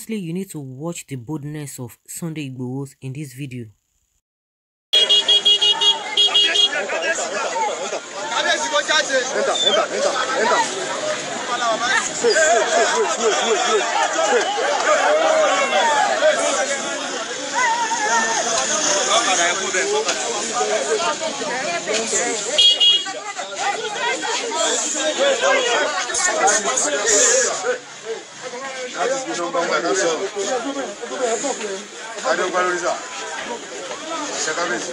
Honestly, you need to watch the boldness of Sunday Igbohos in this video. kò sọ adéwọ̀gbá lórí sà ṣẹkábíyèsí ṣẹkábíyèsí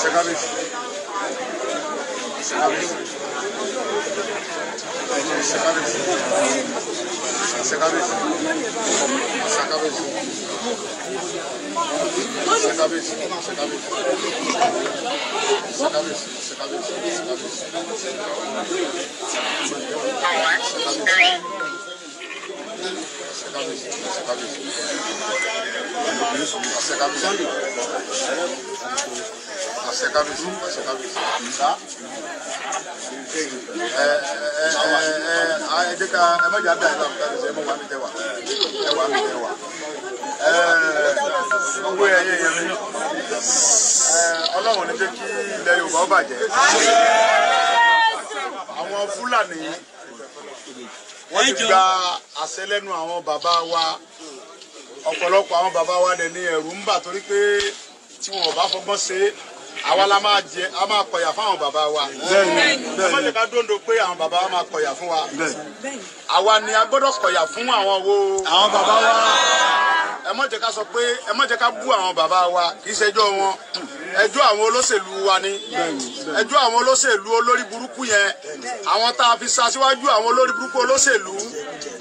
ṣẹkábíyèsí ṣẹkábíyèsí ṣẹkábíyèsí ṣẹkábíyèsí ṣẹkábíyèsí ṣẹkábíyèsí ṣẹkábíyèsí ṣẹkábíyèsí kábíyèsí àṣẹ kábíyèsí àṣẹ kábíyèsí àṣẹ kábíyèsí àṣẹ kábíyèsí. ẹ ẹ ẹ ẹ jẹ́ ká ẹ má jẹ́ àbí àyè láti kábíyèsí ẹ mọ̀ wá mi jẹ́ wà ẹ wà mi jẹ́ wà. ẹ owó ẹyẹ yẹn mi ọlọ́run ní jẹ́ kí ilẹ̀ Yorùbá ó bàjẹ́ àwọn Fúlàní wọ́n ti gba àṣẹ lẹ́nu àwọn bàbá wa ọ̀pọ̀lọpọ̀ àwọn bàbá wa dẹ̀ ní ẹ̀rù ń bà torí pé tí wọn ò bá fọgbọ́n ṣe é àwa la máa jẹ a máa kọyà fáwọn bàbá wa ọmọ ìjọba dóńdó pé àwọn bàbá wa máa kọyà fún wa àwa ni a gbọ́dọ̀ kọyà fún àwọn wo àwọn bàbá wa ẹ má jẹ́ ká sọ pé ẹ má jẹ́ ká bú àwọn bàbá wa kì í ṣẹjọ́ wọn ẹjọ́ àwọn olóṣèlú wa ni ẹjọ́ àwọn olóṣèlú olórí burúkú yẹn àwọn tá a fi ṣaṣíwájú àwọn olórí burúkú olóṣèlú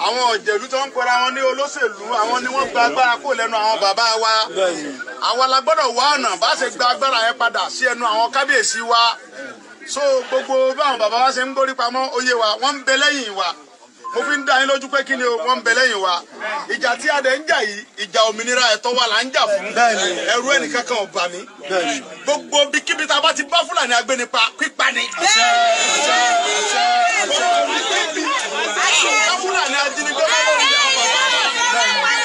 àwọn ọ̀jẹ̀lú tó ń pera wọn ní olóṣèlú àwọn ni wọ́n gba agbára kó lẹ́nu àwọn bàbá wa àwa la gbọ́dọ̀ wá ọ̀nà bá ṣe gba agbára yẹn padà sí ẹnu àwọn kábíyèsí wa so gbogbo báwọn bàbá wa ṣe ń gbórí pamọ́ oyè wa wọ́n ń bẹ lẹ́yìn wa mo fi ń dá yín lójú pé kí ni wọ́n ń bẹ lẹ́yìn wa ìjà tí a dẹ̀ ń jà yìí ìjà òmìnira ẹ̀tọ́ wa là ń jà fún ẹrú ẹnìkankan ò bà mí gbogbo bí kíbi tá a bá ti bá fúlàní agbénipa pípa ni. gbogbo bí kíbi fúlàní ajínigbé bá wọ́n ń jà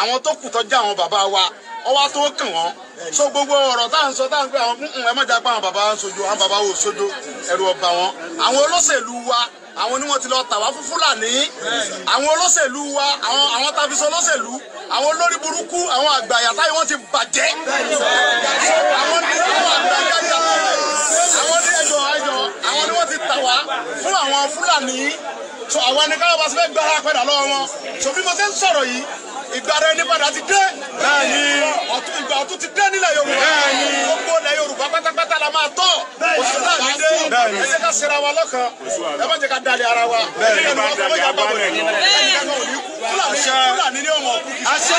àwọn tó kù tọ́jú àwọn bàbá wa ọwá tó kàn wọ́n so gbogbo ọ̀rọ̀ tá à ń sọ tá à ń pè àwọn ẹ má jápa àwọn bàbá wa ń sojo àwọn bàbá wa ò sojo ẹ̀rù ọ̀bà wọn àwọn olóṣèlú wa àwọn ni wọ́n ti lọ tà wá fún Fúlàní àwọn olóṣèlú wa àwọn àwọn tabiṣọ olóṣèlú àwọn olórí burúkú àwọn àgbàyà táyé wọ́n ti bàjẹ́ àwọn ni àwọn àgbàyà àwọn ní ẹjọ́ ẹjọ́ àwọn ni wọ́n ti tà wá fún àwọn Fúlàní so àwọn ẹni káwọn bá ti fẹ́ gbára pẹ̀lú àlọ́ wọn so bí mo ti ìgbà rẹ ní padà ti dé. bẹ́ẹ̀ni ọ̀tún ìgbà ọ̀tún ti dé nílẹ̀ yorùbá. bẹ́ẹ̀ni gbogbo ilẹ̀ yorùbá pátápátá la máa tọ̀. oṣù náà ti dé. bẹ́ẹ̀ni ẹ jẹ́ ká ṣera wa lọ́kàn. ẹ má jẹ́ ká dalẹ̀ ara wa. bẹ́ẹ̀ni ẹ má dalẹ̀ abá rẹ̀ lọ. fúlàní fúlàní ni ọmọ kú. àṣẹ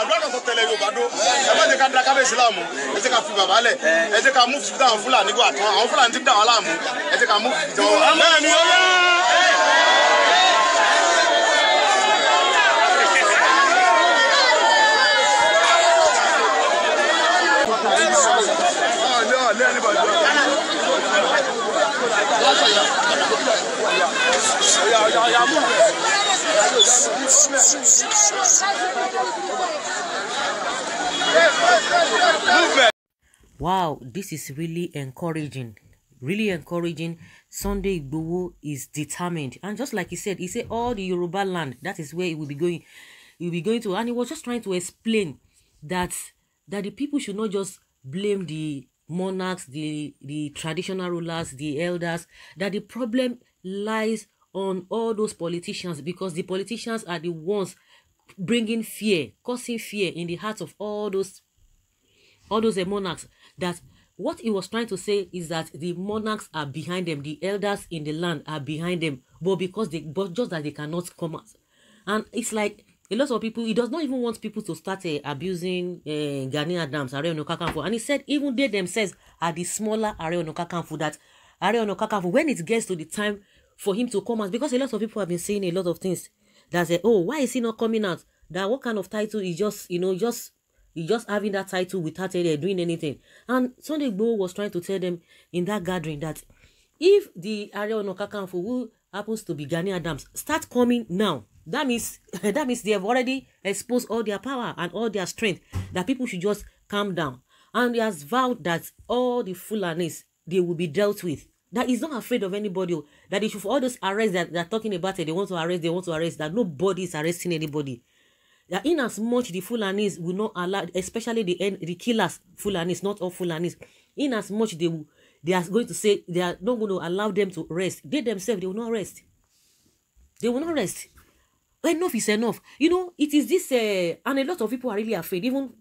àdúrà kan tó tẹlẹ yorùbá dó ẹ má jẹ́ ká da kábíyèsí láàmú ẹ jẹ́ ká fi bàbá lẹ ẹ jẹ́ ká mú fìdí àwọn fúlàní gbọ àtọ àwọn fúlàní ti dà wọn láàmú ẹ jẹ́ ká mú fìdí Wow, this is really encouraging. Really encouraging. Sunday Igbowo is determined. And just like he said, he said all the Yoruba land, that is where he will be going. He will be going to. And he was just trying to explain that that the people should not just blame the monarchs, the, the traditional rulers, the elders, that the problem lies on all those politicians because the politicians are the ones bringing fear, causing fear in the hearts of all those all those eh, monarchs that what he was trying to say is that the monarchs are behind them, the elders in the land are behind them, but because they but just that they cannot come out. And it's like a lot of people, he does not even want people to start uh, abusing uh, Ghanaian dams, Are And he said even they themselves are the smaller Are Onokakanfo that Are Onokakanfo, when it gets to the time for him to come out because a lot of people have been saying a lot of things that say, oh, why is he not coming out? That what kind of title is just, you know, just just having that title without uh, doing anything. And Sunday Igboho was trying to tell them in that gathering that if the area on Kakanfò who happens to be Gani Adams start coming now, that means that means they have already exposed all their power and all their strength. That people should just calm down. And he has vowed that all the Fulanis they will be dealt with that is not afraid of anybody oh, that if all those arrests that they're talking about it they want to arrest they want to arrest that nobody is arresting anybody that in as much the fulanis will not allow especially the the killers fulanis not all fulanis in as much they they are going to say they are not going to allow them to rest they themselves they will not rest they will not rest enough is enough you know it is this uh, and a lot of people are really afraid even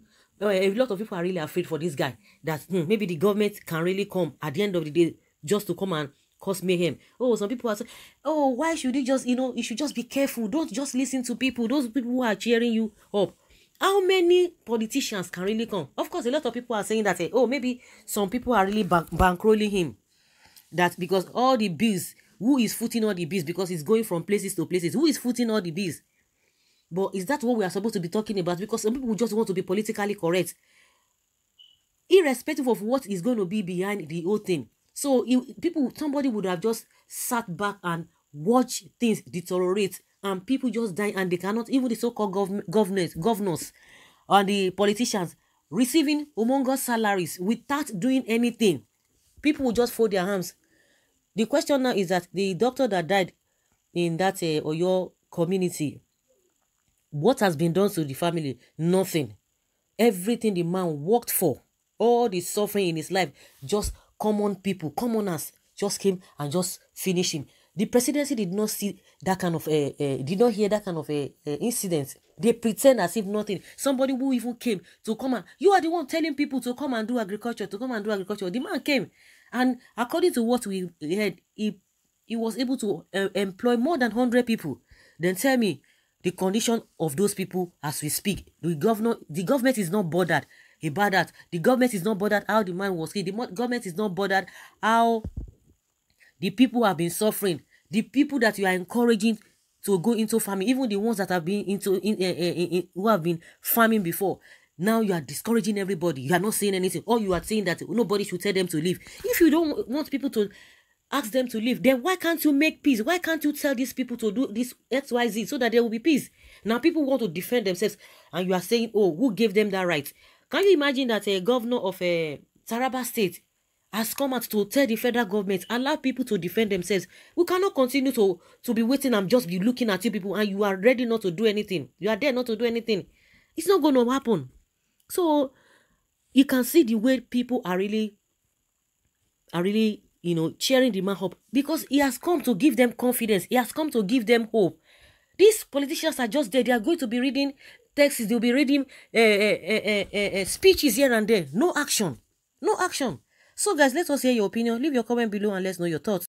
uh, a lot of people are really afraid for this guy that hmm, maybe the government can really come at the end of the day just to come and cause mayhem. Oh, some people are saying, oh, why should you just, you know, you should just be careful. Don't just listen to people, those people who are cheering you up. How many politicians can really come? Of course, a lot of people are saying that, hey, eh, oh, maybe some people are really bank- bankrolling him. That because all the bills, who is footing all the bills? Because he's going from places to places. Who is footing all the bills? But is that what we are supposed to be talking about? Because some people just want to be politically correct. Irrespective of what is going to be behind the whole thing, So if people, somebody would have just sat back and watched things deteriorate, and people just die, and they cannot even the so-called gov- governors, governors, and the politicians receiving humongous salaries without doing anything. People will just fold their hands. The question now is that the doctor that died in that uh, eh, or your community, what has been done to the family? Nothing. Everything the man worked for, all the suffering in his life, just common people, commoners, just came and just finished him. The presidency did not see that kind of, uh, uh, did not hear that kind of uh, uh, incident. They pretend as if nothing. Somebody who even came to come and, you are the one telling people to come and do agriculture, to come and do agriculture. The man came. And according to what we heard, he, he was able to uh, employ more than 100 people. Then tell me, the condition of those people as we speak. The governor, the government is not bothered about that. The government is not bothered how the man was killed. The government is not bothered how the people have been suffering. The people that you are encouraging to go into farming, even the ones that have been into in, eh, eh, who have been farming before, now you are discouraging everybody. You are not saying anything, or you are saying that nobody should tell them to leave. If you don't want people to ask them to leave, then why can't you make peace? Why can't you tell these people to do this X, Y, Z so that there will be peace? Now people want to defend themselves, and you are saying, oh, who gave them that right? Can you imagine that a governor of a eh, Taraba state has come out to tell the federal government, allow people to defend themselves. We cannot continue to, to be waiting and just be looking at you people and you are ready not to do anything. You are there not to do anything. It's not going to happen. So you can see the way people are really, are really, you know, cheering the man up because he has come to give them confidence. He has come to give them hope. These politicians are just there. They are going to be reading texts, they'll be reading uh, uh, uh, speeches here and there. No action. No action. So guys, let us hear your opinion. Leave your comment below and let us know your thoughts.